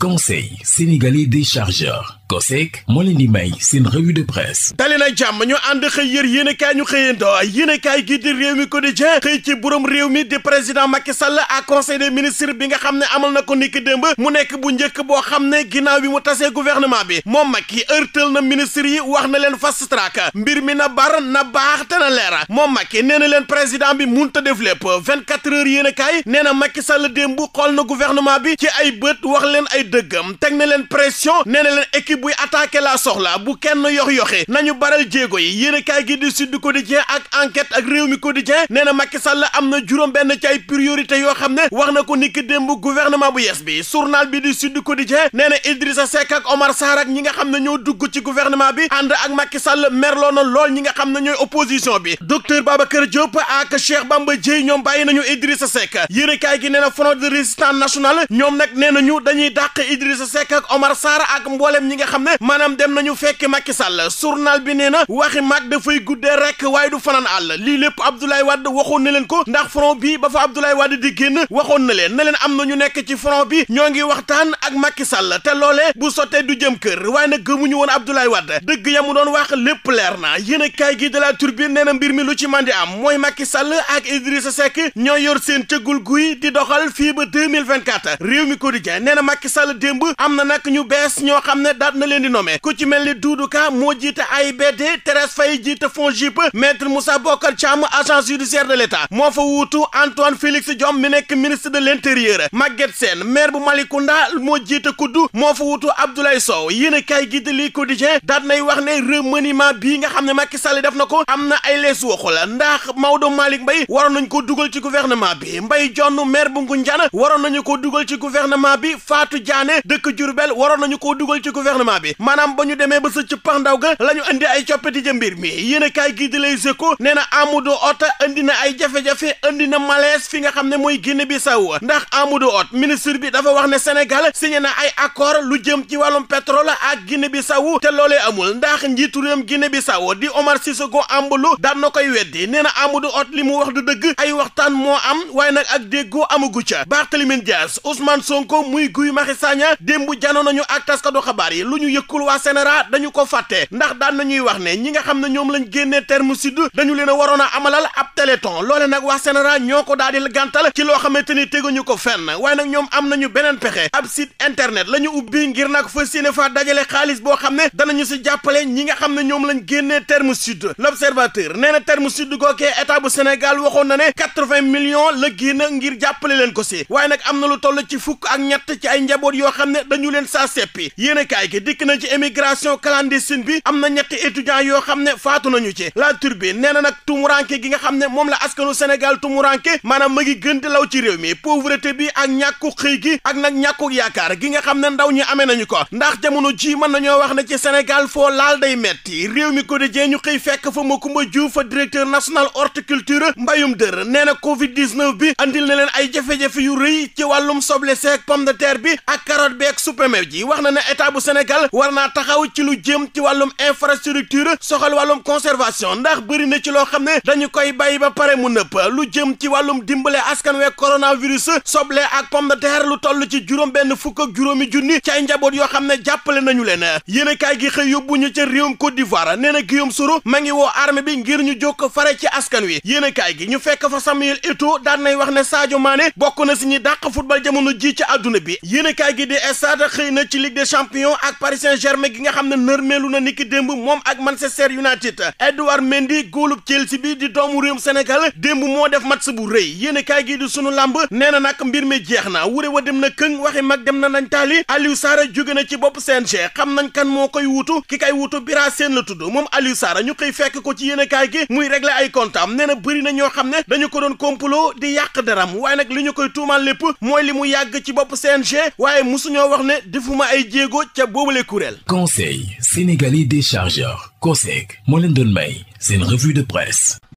conseil sénégalais moo leen di may seen revue de presse dali na jàmm ñu ànd xëy yër yéen a kaay ñu xëyandoo yéen a kaay gi di réew mi quotidien xëy ci borom réew mi di président Macky Sall ak conseil des ministres bi nga xam ne amal na ko niki démb mu nekk bu njëkk boo xam ne ginnaaw bi mu tasee gouvernement bi moom Macky ërtal na ministre yi wax na leen fast track mbir mi na bar na baax te na leera moom Macky nee na leen président bi munta def lépp vingt-quatre heures yéen a dëggam teg na leen pression nee na leen équipe buy attaqué laa soxla bu kenn yox-yoxe ñu baral jéego yi yéen a kaay gi di Sud Quotidien ak enquête ak réew mi quotidien nee na Macky Sall am na juróom benn ci ay priorité yoo xam ne wax na ko niki démb gouvernement bu yes bi journal bi di Sud Quotidien nee na Idrissa Seck ak Omar Sarr ak ñi nga xam ne ñoo dugg ci gouvernement bi ànd ak Macky Sall merloo na lool ñi nga xam na ñooy opposition bi docteur Babacar Diop ak Cheikh Bamba Dièye ñoom bàyyi nañu Idrissa Seck yéen a gi nee na front de résistance nationale ñoom nag nee nañu dañuy dàq dàq Idrissa Seck ak Omar Sarr ak mboolem ñi nga xam ne maanaam dem nañu fekk Macky Sall journal bi nee na waxi mag dafay guddee rek waaye du fanaan àll lii lépp Abdoulaye wadd waxoon na leen ko ndax front bi ba fa Abdoulaye Wade di génn waxoon na leen na leen am na ñu nekk ci front bi ñoo ngi waxtaan ak Macky Sall te loole bu sottee du jëm kër waaye nag gëmuñu woon Abdoulaye Wade dëgg ya mu doon wax lépp leer na yéen kaay gi de la Tribune nee na mbir mi lu ci mën am mooy Macky Sall ak Idrissa Seck ñoo yor seen cëggul guy di doxal fii ba 2024 réew mi quotidien nee na Macky Sall la démb am na nag ñu bees ñoo xam ne daat na leen di nommé ku ci mel ni duudu Ka moo jiite AIBD Thérèse Faye jiite FONGIP maître Moussa Bokar Thiam agence judiciaire de l'État moo fa wuutu Antoine Félix Diome mi nekk ministre de l'intérieur Maguette Sène maire bu ku Malicounda moo jiite kuddu moo fa wuutu Abdoulaye Sow yéen a kaay gi lii li quotidien daat nay wax ne remaniement bii nga xam ne Macky Sall def na ko am na ay lees waxu la ndax Maodo Malick Mbaye waroon nañ ko dugal ci gouvernement bi Mbaye Dione maire bu Ngoundiane waroon nañu ko dugal ci gouvernement bi waxtaane dëkk Diourbel waroon nañu koo dugal ci gouvernement bi maanaam ba ñu demee ba sa ci pandaw ga la ñu andi ay coppite jëm mbir mi yéen a kaay gii di lay seko nee na Amadou Hott andi na ay jafe andi na malaise fi nga xam ne mooy Guinée Bissau ndax Amadou Hott ministre bi dafa wax ne Sénégal signé na ay accord lu jëm ci wàllum pétrole ak bi Bissau te loole amul ndax njiitu réewum bi Bissau di Omar Sissoko Embaló daan na koy weddi nee na Amadou Hott li mu wax du dëgg ay waxtaan moo am waaye nag ak déggoo amagu ca Barthélémy Dias Ousmane Sagna démb janoo nañu ak taskatu xabaar yi lu ñu yëkkul waa sénéra dañu ko fàtte ndax daan nañuy wax ne ñi nga xam ne ñoom lañ génnee terme sud dañu leen a waroon a amalal ab téléthon loole nag waa sénéra ñoo ko daal di gàntal ci loo xamante ni ñu ko fenn waaye nag ñoom am nañu beneen pexe ab site internet la ñu ubbi ngir nag fa séene fa dajale xaalis boo xam ne danañu si jàppale ñi nga xam ne ñoom lañ génnee terme sud l'observateur nee na terme sud gookee état bu sénégal waxoon na ne quatre-vingts millions la génn ngir jàppale leen ko si waaye nag am na lu toll ci fukk ak ñett ci ay njaboot yoo xam ne dañu leen saa seppi yéen a kaay gi dikk na ci émigration clandestine bi am na ñetti étudiants yoo xam ne faatu nañu ci la turbine nee na nag tumuranke gi nga xam ne moom la askanu Sénégal tumuranke maanaam ma ngi gën di law ci réew mi pauvreté bi ak ñàkku xëy gi ak nag ñàkku yaakaar gi nga xam ne ndaw ñi amee nañu ko ndax jamono ji mën nañoo wax ne ci Sénégal foo laal day metti réew mi quotidien ñu xëy fekk fa Macoumba Diouf fa directeur national horticulture mbayum dër nee na covid 19 bi andil na leen ay jafe-jafe yu ci wàllum soble seeg pomme bi ak carotte beek supame ji wax na ne état bu Sénégal war na taxaw ci lu jëm ci wàllum infrastructure soxal wàllum conservation ndax bëri na ci loo xam ne dañu koy bàyyi ba pare mu nëpp lu jëm ci wàllum dimbale askan weeg coronavirus soble ak pomme de terre lu toll ci juróom benn fukk ak juróomi junni ci ay njaboot yoo xam ne jàppale nañu leen yéen a kaay gi xëy yóbbu ñu ca réewum Côte d'Ivoire nee na Guillaume Soro ma ngi woo armée bi ngir ñu jokk fare ci askan wi yéen gi ñu fekk fa Samuel Eto'o daan nay wax ne Sadio Mané bokk na si dàq football jamono ji ci àdduna bi kaay di Stades xëy na ci Ligue des champions ak Paris Saint-Germain gi nga xam ne nërmeelu na niki démb moom ak Manchester United Edouard Mendy góolub Chelsea bi di doomu réewum Sénégal démb moo def mat bu rëy yéen kaay gi di sunu làmb nee na nag mbir mi jeex na wure wa dem na këng waxi mag dem na nañ taali Aliou Sarr jóge na ci bopp CNG xam nañ kan moo koy wuutu ki kay wuutu Bira Sène la tudd moom Aliou Sarr ñu koy fekk ko ci yéen kaay gi muy régler ay comptam nee bëri na ñoo xam ne dañu ko doon complot di yàq daram waaye nag li ñu koy tuumaal lépp mooy li mu yàgg ci bopp CNG waaye mosuñoo wax ne defuma ay jéego ca boobule kuréel. conseil sénégalais des chargeurs COSEC moo leen doon may seen revue de presse.